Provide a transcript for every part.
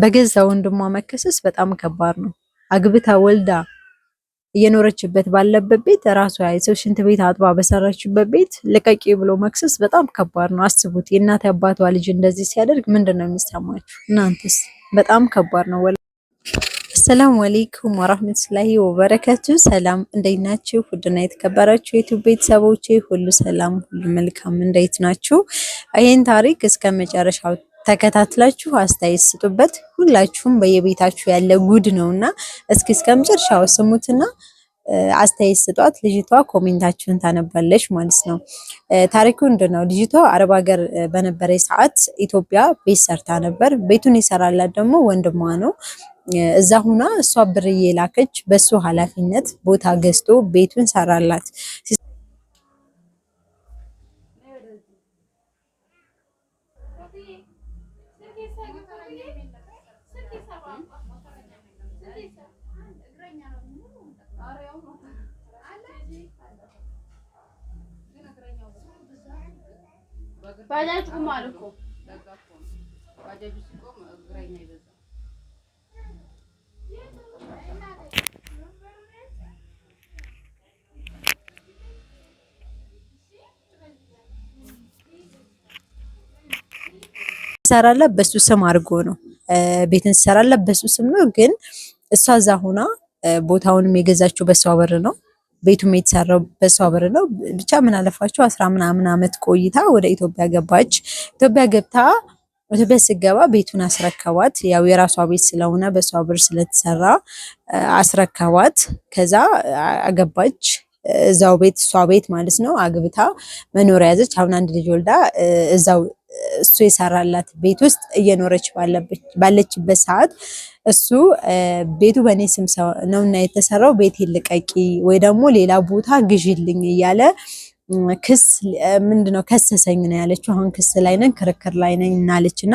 በገዛ ወንድሟ መከሰስ በጣም ከባድ ነው። አግብታ ወልዳ እየኖረችበት ባለበት ቤት ራሷ የሰው ሽንት ቤት አጥባ በሰራችበት ቤት ልቀቂ ብሎ መክሰስ በጣም ከባድ ነው። አስቡት፣ የእናት አባቷ ልጅ እንደዚህ ሲያደርግ ምንድን ነው የሚሰማችሁ እናንተስ? በጣም ከባድ ነው። አሰላሙ አሌይኩም ወራህመቱላሂ ወበረከቱ። ሰላም እንዴት ናችሁ? ውድና የተከበራችሁ የዩቲዩብ ቤተሰቦቼ ሁሉ ሰላም፣ ሁሉ መልካም፣ እንዴት ናችሁ? ይህን ታሪክ እስከ መጨረሻው ተከታትላችሁ አስተያየት ስጡበት። ሁላችሁም በየቤታችሁ ያለ ጉድ ነው እና እስኪ እስከ መጨረሻው ስሙትና አስተያየት ስጧት። ልጅቷ ኮሜንታችሁን ታነባለች ማለት ነው። ታሪኩ ምንድን ነው? ልጅቷ አረብ ሀገር በነበረ ሰዓት ኢትዮጵያ ቤት ሰርታ ነበር። ቤቱን ይሰራላት ደግሞ ወንድሟ ነው። እዛ ሁና እሷ ብር እየላከች በሱ ኃላፊነት ቦታ ገዝቶ ቤቱን ሰራላት። ባጃጅ እኮ ሲቆም እግረኛ ሰራላ በሱ ስም አድርጎ ነው ቤትን ሰራላ በሱ ስም ነው። ግን እሷ እዛ ሆና ቦታውንም የገዛችው በሷ ብር ነው። ቤቱም የተሰራው በሷ ብር ነው። ብቻ ምን አለፋችሁ አስራ ምናምን አመት ቆይታ ወደ ኢትዮጵያ ገባች። ኢትዮጵያ ገብታ ኢትዮጵያ ስገባ ቤቱን አስረከቧት። ያው የራሷ ቤት ስለሆነ በሷ ብር ስለተሰራ አስረከቧት። ከዛ አገባች እዛው ቤት እሷ ቤት ማለት ነው። አግብታ መኖሪያ ያዘች። አሁን አንድ ልጅ ወልዳ እዛው እሱ የሰራላት ቤት ውስጥ እየኖረች ባለችበት ሰዓት እሱ ቤቱ በእኔ ስም ነውና የተሰራው ቤት ይልቀቂ ወይ ደግሞ ሌላ ቦታ ግዢልኝ እያለ ክስ ምንድነው ከሰሰኝ ነው ያለችው። አሁን ክስ ላይ ነን፣ ክርክር ላይ ነን እናለች እና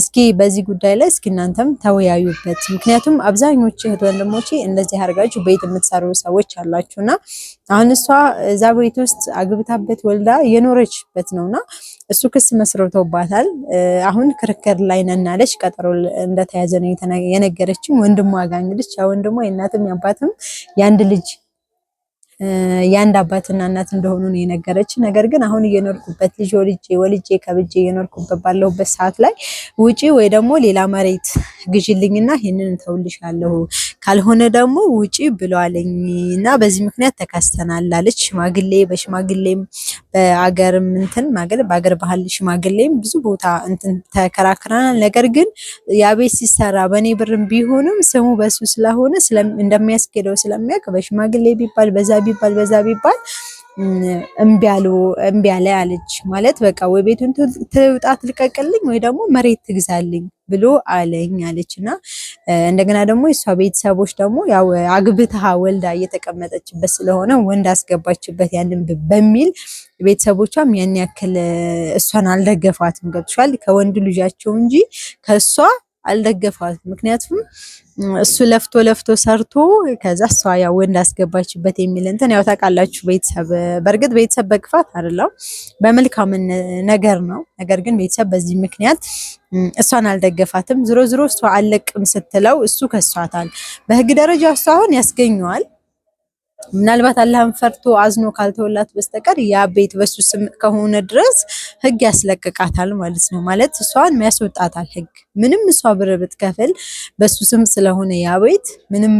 እስኪ በዚህ ጉዳይ ላይ እስኪ እናንተም ተወያዩበት። ምክንያቱም አብዛኞቹ እህት ወንድሞቼ እንደዚህ አድርጋችሁ ቤት የምትሰሩ ሰዎች አላችሁና አሁን እሷ እዛ ቤት ውስጥ አግብታበት ወልዳ የኖረችበት ነውና እሱ ክስ መስርቶባታል። አሁን ክርክር ላይ ነን እናለች። ቀጠሮ እንደተያዘ ነው የነገረችም። ወንድሟ ጋር እንግዲህ ወንድሟ የእናትም ያባትም የአንድ ልጅ የአንድ አባትና እናት እንደሆኑ ነው የነገረች። ነገር ግን አሁን እየኖርኩበት ልጅ ወልጄ ወልጄ ከብጄ እየኖርኩበት ባለሁበት ሰዓት ላይ ውጪ ወይ ደግሞ ሌላ መሬት ግዥልኝና ይህንን እንተውልሻለሁ ካልሆነ ደግሞ ውጪ ብሏለኝ እና በዚህ ምክንያት ተከስተናል አለች። ሽማግሌ በሽማግሌም በአገር ምንትን ማገል በአገር ባህል ሽማግሌም ብዙ ቦታ እንትን ተከራክረናል። ነገር ግን የቤት ሲሰራ በእኔ ብርም ቢሆንም ስሙ በሱ ስለሆነ እንደሚያስኬደው ስለሚያውቅ በሽማግሌ ቢባል በዛ ቢ ቢባል በዛ ቢባል እምቢ አሉ አለ አለች ማለት በቃ ወይ ቤቱን ትውጣ ትልቀቅልኝ ወይ ደግሞ መሬት ትግዛልኝ ብሎ አለኝ አለች እና እንደገና ደግሞ የእሷ ቤተሰቦች ደግሞ ያው አግብታ ወልዳ እየተቀመጠችበት ስለሆነ ወንድ አስገባችበት ያንን በሚል ቤተሰቦቿም ያን ያክል እሷን አልደገፋትም። ገብቶሻል? ከወንድ ልጃቸው እንጂ ከእሷ አልደገፋትም። ምክንያቱም እሱ ለፍቶ ለፍቶ ሰርቶ ከዛ እሷ ያው ወንድ አስገባችበት የሚል እንትን ያው ታውቃላችሁ። ቤተሰብ በእርግጥ ቤተሰብ በክፋት አይደለም በመልካም ነገር ነው። ነገር ግን ቤተሰብ በዚህ ምክንያት እሷን አልደገፋትም። ዝሮ ዝሮ እሷ አለቅም ስትለው እሱ ከሷታል። በህግ ደረጃ እሷ አሁን ያስገኘዋል ምናልባት አላህን ፈርቶ አዝኖ ካልተወላት በስተቀር ያ ቤት በሱ ስም ከሆነ ድረስ ህግ ያስለቅቃታል ማለት ነው። ማለት እሷን ያስወጣታል ህግ። ምንም እሷ ብር ብትከፍል በሱ ስም ስለሆነ ያ ቤት ምንም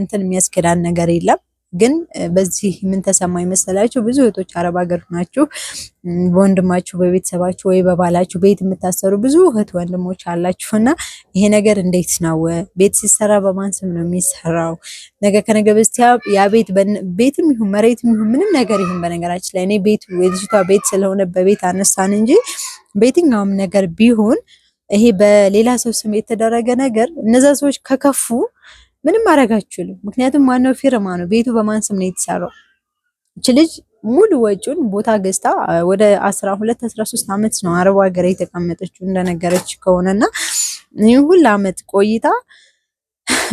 እንትን የሚያስከዳን ነገር የለም። ግን በዚህ ምን ተሰማኝ መሰላችሁ? ብዙ እህቶች አረብ ሀገር ናችሁ፣ በወንድማችሁ በቤተሰባችሁ ወይ በባላችሁ ቤት የምታሰሩ ብዙ እህት ወንድሞች አላችሁ እና ይሄ ነገር እንዴት ነው? ቤት ሲሰራ በማን ስም ነው የሚሰራው? ነገ ከነገ በስቲያ ያ ቤት ቤትም ይሁን መሬትም ይሁን ምንም ነገር ይሁን፣ በነገራችን ላይ እኔ ቤቱ የልጅቷ ቤት ስለሆነ በቤት አነሳን እንጂ በየትኛውም ነገር ቢሆን ይሄ በሌላ ሰው ስም የተደረገ ነገር እነዛ ሰዎች ከከፉ ምንም ማድረግ አትችሉም። ምክንያቱም ዋናው ፊርማ ነው። ቤቱ በማን ስም ነው የተሰራው? እች ልጅ ሙሉ ወጪውን ቦታ ገዝታ ወደ 12 13 ዓመት ነው አረብ ሀገር የተቀመጠችው እንደነገረች ከሆነና ይህ ሁሉ ዓመት ቆይታ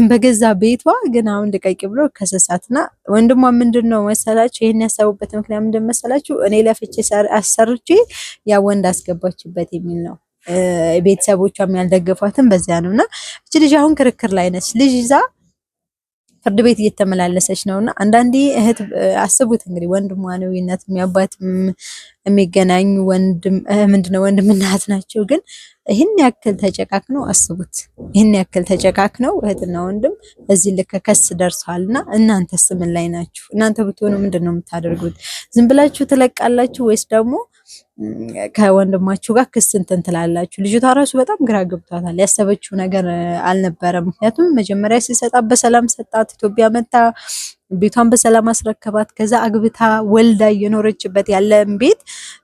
በገዛ ቤቷ ግን አሁን ልቀቂ ብሎ ከሰሳትና ወንድሟ ምንድን ነው መሰላችሁ? ይህን ያሰቡበት ምክንያት ምንድን መሰላችሁ? እኔ ለፍቼ አሰርቼ ያ ወንድ አስገባችበት የሚል ነው። ቤተሰቦቿም ያልደገፏትን በዚያ ነው እና እች ልጅ አሁን ክርክር ላይ ነች። ልጅ ይዛ ፍርድ ቤት እየተመላለሰች ነው እና አንዳንዴ እህት አስቡት እንግዲህ ወንድማዊነት የሚያባት የሚገናኙ ወንድም ምንድነው ወንድም እናት ናቸው። ግን ይህን ያክል ተጨቃክ ነው አስቡት። ይህን ያክል ተጨቃክ ነው እህትና ወንድም እዚህ ልክ ከስ ደርሰዋል እና እናንተ ስምን ላይ ናችሁ? እናንተ ብትሆኑ ምንድን ነው የምታደርጉት? ዝም ብላችሁ ትለቃላችሁ ወይስ ደግሞ ከወንድማችሁ ጋር ክስ እንትን ትላላችሁ። ልጅቷ ራሱ በጣም ግራ ገብቷታል። ያሰበችው ነገር አልነበረም። ምክንያቱም መጀመሪያ ሲሰጣት በሰላም ሰጣት፣ ኢትዮጵያ መታ ቤቷን በሰላም አስረከባት። ከዛ አግብታ ወልዳ እየኖረችበት ያለን ቤት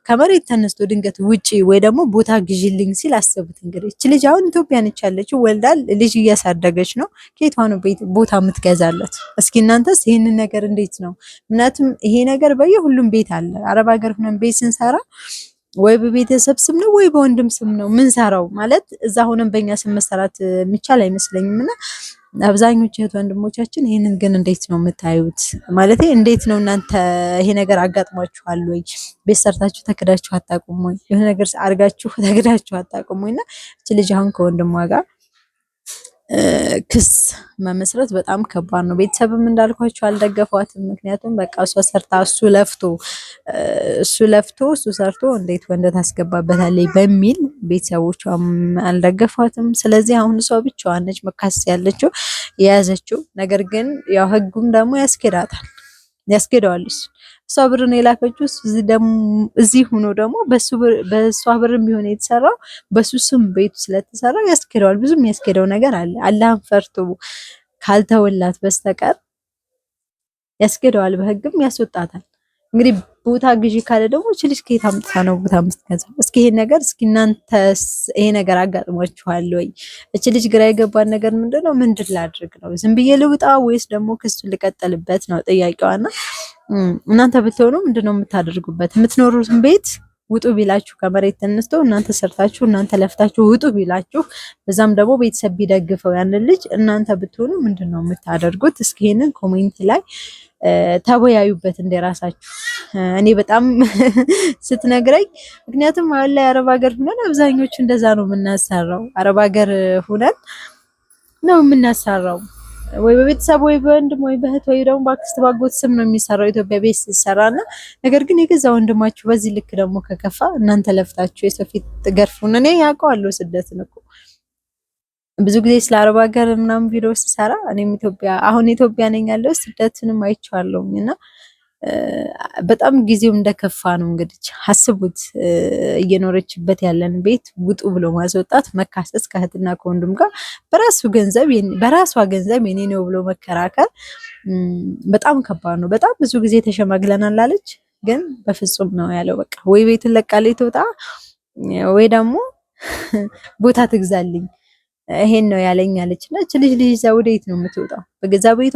ከመሬት ተነስቶ ድንገት ውጪ ወይ ደግሞ ቦታ ግዢልኝ ሲል አሰቡት። እንግዲህ እች ልጅ አሁን ኢትዮጵያ ነች ያለችው፣ ወልዳ ልጅ እያሳደገች ነው። ከየቷ ነው ቦታ የምትገዛለት? እስኪ እናንተስ ይህንን ነገር እንዴት ነው? ምክንያቱም ይሄ ነገር በየሁሉም ቤት አለ። አረብ ሀገር ሆነን ቤት ስንሰራ ወይ በቤተሰብ ስም ነው ወይ በወንድም ስም ነው ምንሰራው። ማለት እዛ ሆነን በእኛ ስም መሰራት የሚቻል አይመስለኝም እና አብዛኞቹ እህት ወንድሞቻችን ይህንን ግን እንዴት ነው የምታዩት? ማለት እንዴት ነው እናንተ ይሄ ነገር አጋጥሟችኋል ወይ? ቤት ሰርታችሁ ተክዳችሁ አታቁሙ ወይ? የሆነ ነገር አድርጋችሁ ተክዳችሁ አታቁሙ? እና እች ልጅ አሁን ከወንድሟ ጋር ክስ መመስረት በጣም ከባድ ነው። ቤተሰብም እንዳልኳቸው አልደገፏትም። ምክንያቱም በቃ እሷ ሰርታ እሱ ለፍቶ እሱ ለፍቶ እሱ ሰርቶ እንዴት ወንድ ታስገባበታለች በሚል ቤተሰቦቿም አልደገፏትም። ስለዚህ አሁን እሷ ብቻዋን ነች መካስ ያለችው የያዘችው። ነገር ግን ያው ህጉም ደግሞ ያስኬዳታል ያስኬደዋል እሱ እሷ ብርን የላከችው እዚህ ሆኖ ደግሞ በእሷ ብርም ቢሆን የተሰራው በሱ ስም ቤቱ ስለተሰራ ያስኬደዋል። ብዙም የሚያስኬደው ነገር አለ። አላህን ፈርቶ ካልተወላት በስተቀር ያስኬደዋል፣ በህግም ያስወጣታል። እንግዲህ ቦታ ግዢ ካለ ደግሞ ችልሽ ከየት አምጥታ ነው ቦታ የምትገዛው? እስኪ ይሄ ነገር እስኪ እናንተስ ይሄ ነገር አጋጥሟችኋል ወይ? እቺ ልጅ ግራ የገባን ነገር ምንድነው? ምንድን ላድርግ ነው? ዝም ብዬ ልውጣ ወይስ ደግሞ ክሱን ልቀጠልበት ነው ጥያቄዋና እናንተ ብትሆኑ ምንድነው የምታደርጉበት? የምትኖሩትን ቤት ውጡ ቢላችሁ ከመሬት ተነስቶ እናንተ ሰርታችሁ እናንተ ለፍታችሁ ውጡ ቢላችሁ፣ በዛም ደግሞ ቤተሰብ ቢደግፈው ያንን ልጅ እናንተ ብትሆኑ ምንድን ነው የምታደርጉት? እስኪ ይህንን ኮሜንት ላይ ተወያዩበት እንደራሳችሁ። እኔ በጣም ስትነግረኝ ምክንያቱም አሁን ላይ አረብ ሀገር ሁነን አብዛኞቹ እንደዛ ነው የምናሰራው። አረብ ሀገር ሁነን ነው የምናሰራው። ወይ በቤተሰብ ወይ በወንድም ወይ በእህት ወይ ደግሞ በአክስት ባጎት ስም ነው የሚሰራው ኢትዮጵያ ቤት ሲሰራና፣ ነገር ግን የገዛ ወንድማችሁ በዚህ ልክ ደግሞ ከከፋ እናንተ ለፍታችሁ የሰው ፊት ገርፉን። እኔ ያውቀዋለሁ ስደትን እኮ ብዙ ጊዜ ስለ አረብ ሀገር ምናምን ቪዲዮ ሲሰራ እኔም ኢትዮጵያ አሁን ኢትዮጵያ ነኝ ያለው ስደትንም አይቼዋለሁኝ እና በጣም ጊዜው እንደከፋ ነው። እንግዲህ አስቡት እየኖረችበት ያለን ቤት ውጡ ብሎ ማስወጣት፣ መካሰስ ከእህትና ከወንድም ጋር በራሱ ገንዘብ በራሷ ገንዘብ የኔ ነው ብሎ መከራከር በጣም ከባድ ነው። በጣም ብዙ ጊዜ ተሸማግለናል አለች፣ ግን በፍጹም ነው ያለው። በቃ ወይ ቤትን ለቃለች ትወጣ፣ ወይ ደግሞ ቦታ ትግዛልኝ፣ ይሄን ነው ያለኝ አለች። እና ልጅ ልጅ ወደ የት ነው የምትወጣው? በገዛ ቤቷ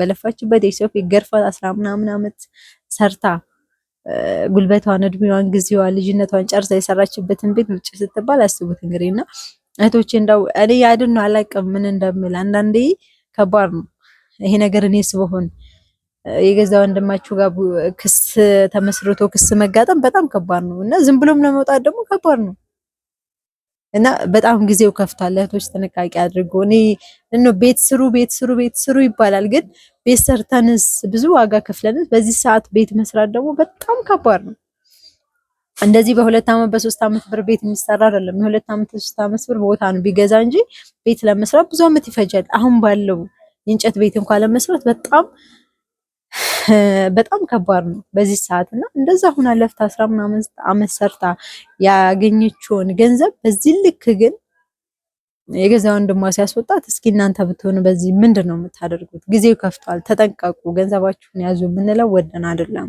በለፋችበት የሶፊ ገርፋ አስራ ምናምን አመት ሰርታ ጉልበቷን፣ እድሜዋን፣ ጊዜዋን፣ ልጅነቷን ጨርሳ የሰራችበትን ቤት ውጭ ስትባል አስቡት እንግዲህ እና እህቶቼ እንዳው እኔ ያድን ነው አላውቅም ምን እንደምል። አንዳንዴ ከባድ ነው ይሄ ነገር። እኔስ በሆን የገዛ ወንድማችሁ ጋር ክስ ተመስርቶ ክስ መጋጠም በጣም ከባድ ነው እና ዝም ብሎም ለመውጣት ደግሞ ከባድ ነው። እና በጣም ጊዜው ከፍቷል። እህቶች ጥንቃቄ አድርጎ እኔ ቤት ስሩ ቤት ስሩ ቤት ስሩ ይባላል፣ ግን ቤት ሰርተንስ ብዙ ዋጋ ከፍለንስ በዚህ ሰዓት ቤት መስራት ደግሞ በጣም ከባድ ነው። እንደዚህ በሁለት ዓመት በሶስት ዓመት ብር ቤት የሚሰራ አይደለም። የሁለት ዓመት ሶስት ዓመት ብር ቦታ ነው ቢገዛ እንጂ ቤት ለመስራት ብዙ ዓመት ይፈጃል። አሁን ባለው የእንጨት ቤት እንኳን ለመስራት በጣም በጣም ከባድ ነው በዚህ ሰዓት እና እንደዛ ሁና ለፍታ አስራ ምናምን አመት ሰርታ ያገኘችውን ገንዘብ በዚህ ልክ ግን የገዛ ወንድሟ ሲያስወጣት፣ እስኪ እናንተ ብትሆኑ በዚህ ምንድን ነው የምታደርጉት? ጊዜው ከፍቷል፣ ተጠንቀቁ፣ ገንዘባችሁን ያዙ የምንለው ወደን አይደለም።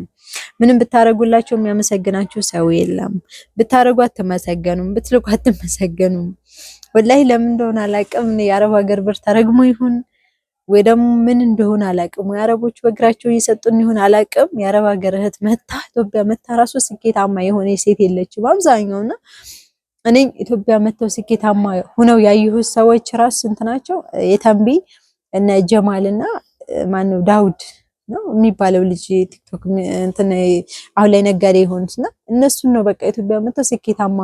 ምንም ብታደረጉላቸው የሚያመሰግናችሁ ሰው የለም። ብታደረጉ አትመሰገኑም፣ ብትልቁ አትመሰገኑም። ወላይ ለምን እንደሆነ አላቅም። የአረብ ሀገር ብር ተረግሞ ይሁን ወይ ደግሞ ምን እንደሆነ አላቅም። ወይ አረቦች በእግራቸው እየሰጡን ይሁን አላቅም። የአረብ ሀገር እህት መታ ኢትዮጵያ መታ ራሱ ስኬታማ የሆነ ሴት የለችም አብዛኛው እና እኔ ኢትዮጵያ መተው ስኬታማ ሆነው ያየሁት ሰዎች ራሱ ስንት ናቸው? የተንቢ እነ ጀማልና ማነው ዳውድ ነው የሚባለው ልጅ ቲክቶክ እንትን አሁን ላይ ነጋዴ የሆኑትና እነሱን ነው በቃ ኢትዮጵያ መተው ስኬታማ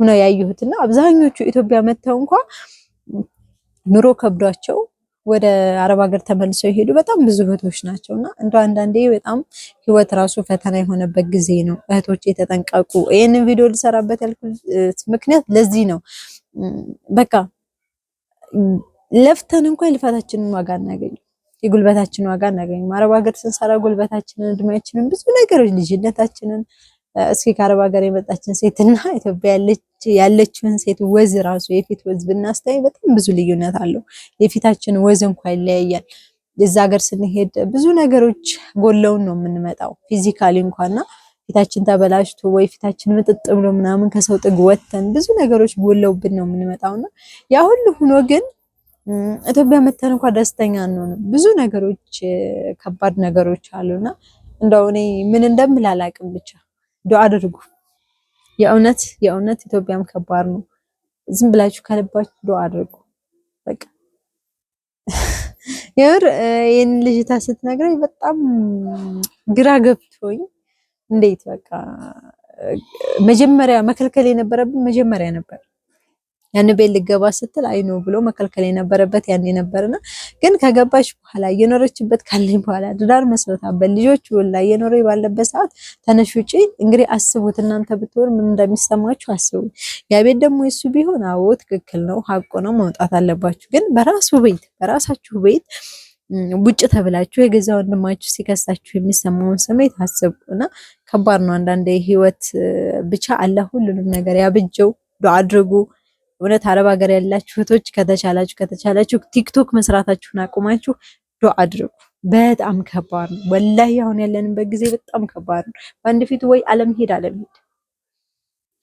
ሆነው ያየሁትና አብዛኞቹ ኢትዮጵያ መተው እንኳ ኑሮ ከብዷቸው ወደ አረብ ሀገር ተመልሰው የሄዱ በጣም ብዙ እህቶች ናቸው እና እንደ አንዳንዴ በጣም ህይወት ራሱ ፈተና የሆነበት ጊዜ ነው። እህቶች የተጠንቀቁ። ይህንን ቪዲዮ ልሰራበት ያልኩት ምክንያት ለዚህ ነው። በቃ ለፍተን እንኳን ልፋታችንን ዋጋ እናገኝ፣ የጉልበታችንን ዋጋ እናገኝ። አረብ ሀገር ስንሰራ ጉልበታችንን፣ እድሜያችንን፣ ብዙ ነገሮች ልጅነታችንን እስኪ ከአረብ ሀገር የመጣችን ሴትና ኢትዮጵያ ያለችውን ሴት ወዝ ራሱ የፊት ወዝ ብናስተያይ በጣም ብዙ ልዩነት አለው። የፊታችን ወዝ እንኳ ይለያያል። የዛ ሀገር ስንሄድ ብዙ ነገሮች ጎለውን ነው የምንመጣው ፊዚካሊ እንኳና ፊታችን ተበላሽቶ ወይ ፊታችን ምጥጥ ብሎ ምናምን ከሰው ጥግ ወጥተን ብዙ ነገሮች ጎለውብን ነው የምንመጣውና ያ ሁሉ ሆኖ ግን ኢትዮጵያ መተን እንኳ ደስተኛ አንሆንም። ብዙ ነገሮች ከባድ ነገሮች አሉና እንደው እኔ ምን እንደምላላቅም ብቻ ዱዓ አድርጉ። የእውነት የእውነት ኢትዮጵያም ከባድ ነው። ዝም ብላችሁ ከልባችሁ ዱዓ አድርጉ። በቃ የምር ይህን ልጅታ ስትነግረኝ በጣም ግራ ገብቶኝ እንዴት በቃ መጀመሪያ መከልከል የነበረብን መጀመሪያ ነበር ያን ቤት ልገባ ስትል አይኖ ብሎ መከልከል የነበረበት ያኔ ነበርና፣ ግን ከገባች በኋላ እየኖረችበት ካለኝ በኋላ ትዳር መስርታበት ልጆች ላይ እየኖረ ባለበት ሰዓት ተነሽ ውጪ። እንግዲህ አስቡት እናንተ ብትሆን ምን እንደሚሰማችሁ አስቡ። ያ ቤት ደግሞ የሱ ቢሆን አዎ ትክክል ነው፣ ሀቁ ነው፣ መውጣት አለባችሁ። ግን በራሱ ቤት በራሳችሁ ቤት ውጭ ተብላችሁ የገዛ ወንድማችሁ ሲከሳችሁ የሚሰማውን ስሜት አስቡና፣ ከባድ ነው አንዳንዴ ህይወት ብቻ አለ ሁሉንም ነገር ያብጀው አድርጉ እውነት አረብ ሀገር ያላችሁ እህቶች ከተቻላችሁ ከተቻላችሁ ቲክቶክ መስራታችሁን አቁማችሁ ዶ አድርጉ። በጣም ከባድ ነው ወላሂ፣ አሁን ያለንበት ጊዜ በጣም ከባድ ነው። በአንድ ፊት ወይ አለም ሄድ አለም ሄድ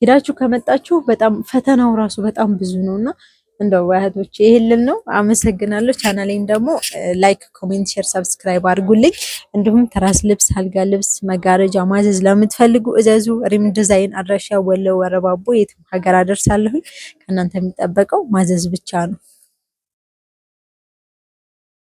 ሄዳችሁ ከመጣችሁ በጣም ፈተናው ራሱ በጣም ብዙ ነውና እንደው እህቶች ይህ ነው። አመሰግናለሁ። ቻናሌን ደግሞ ላይክ፣ ኮሜንት፣ ሼር፣ ሰብስክራይብ አድርጉልኝ። እንዲሁም ትራስ ልብስ፣ አልጋ ልብስ፣ መጋረጃ ማዘዝ ለምትፈልጉ እዘዙ። ሪም ዲዛይን አድራሻ ወለ ወረባቦ፣ የትም ሀገር አደርሳለሁኝ። ከእናንተ የሚጠበቀው ማዘዝ ብቻ ነው።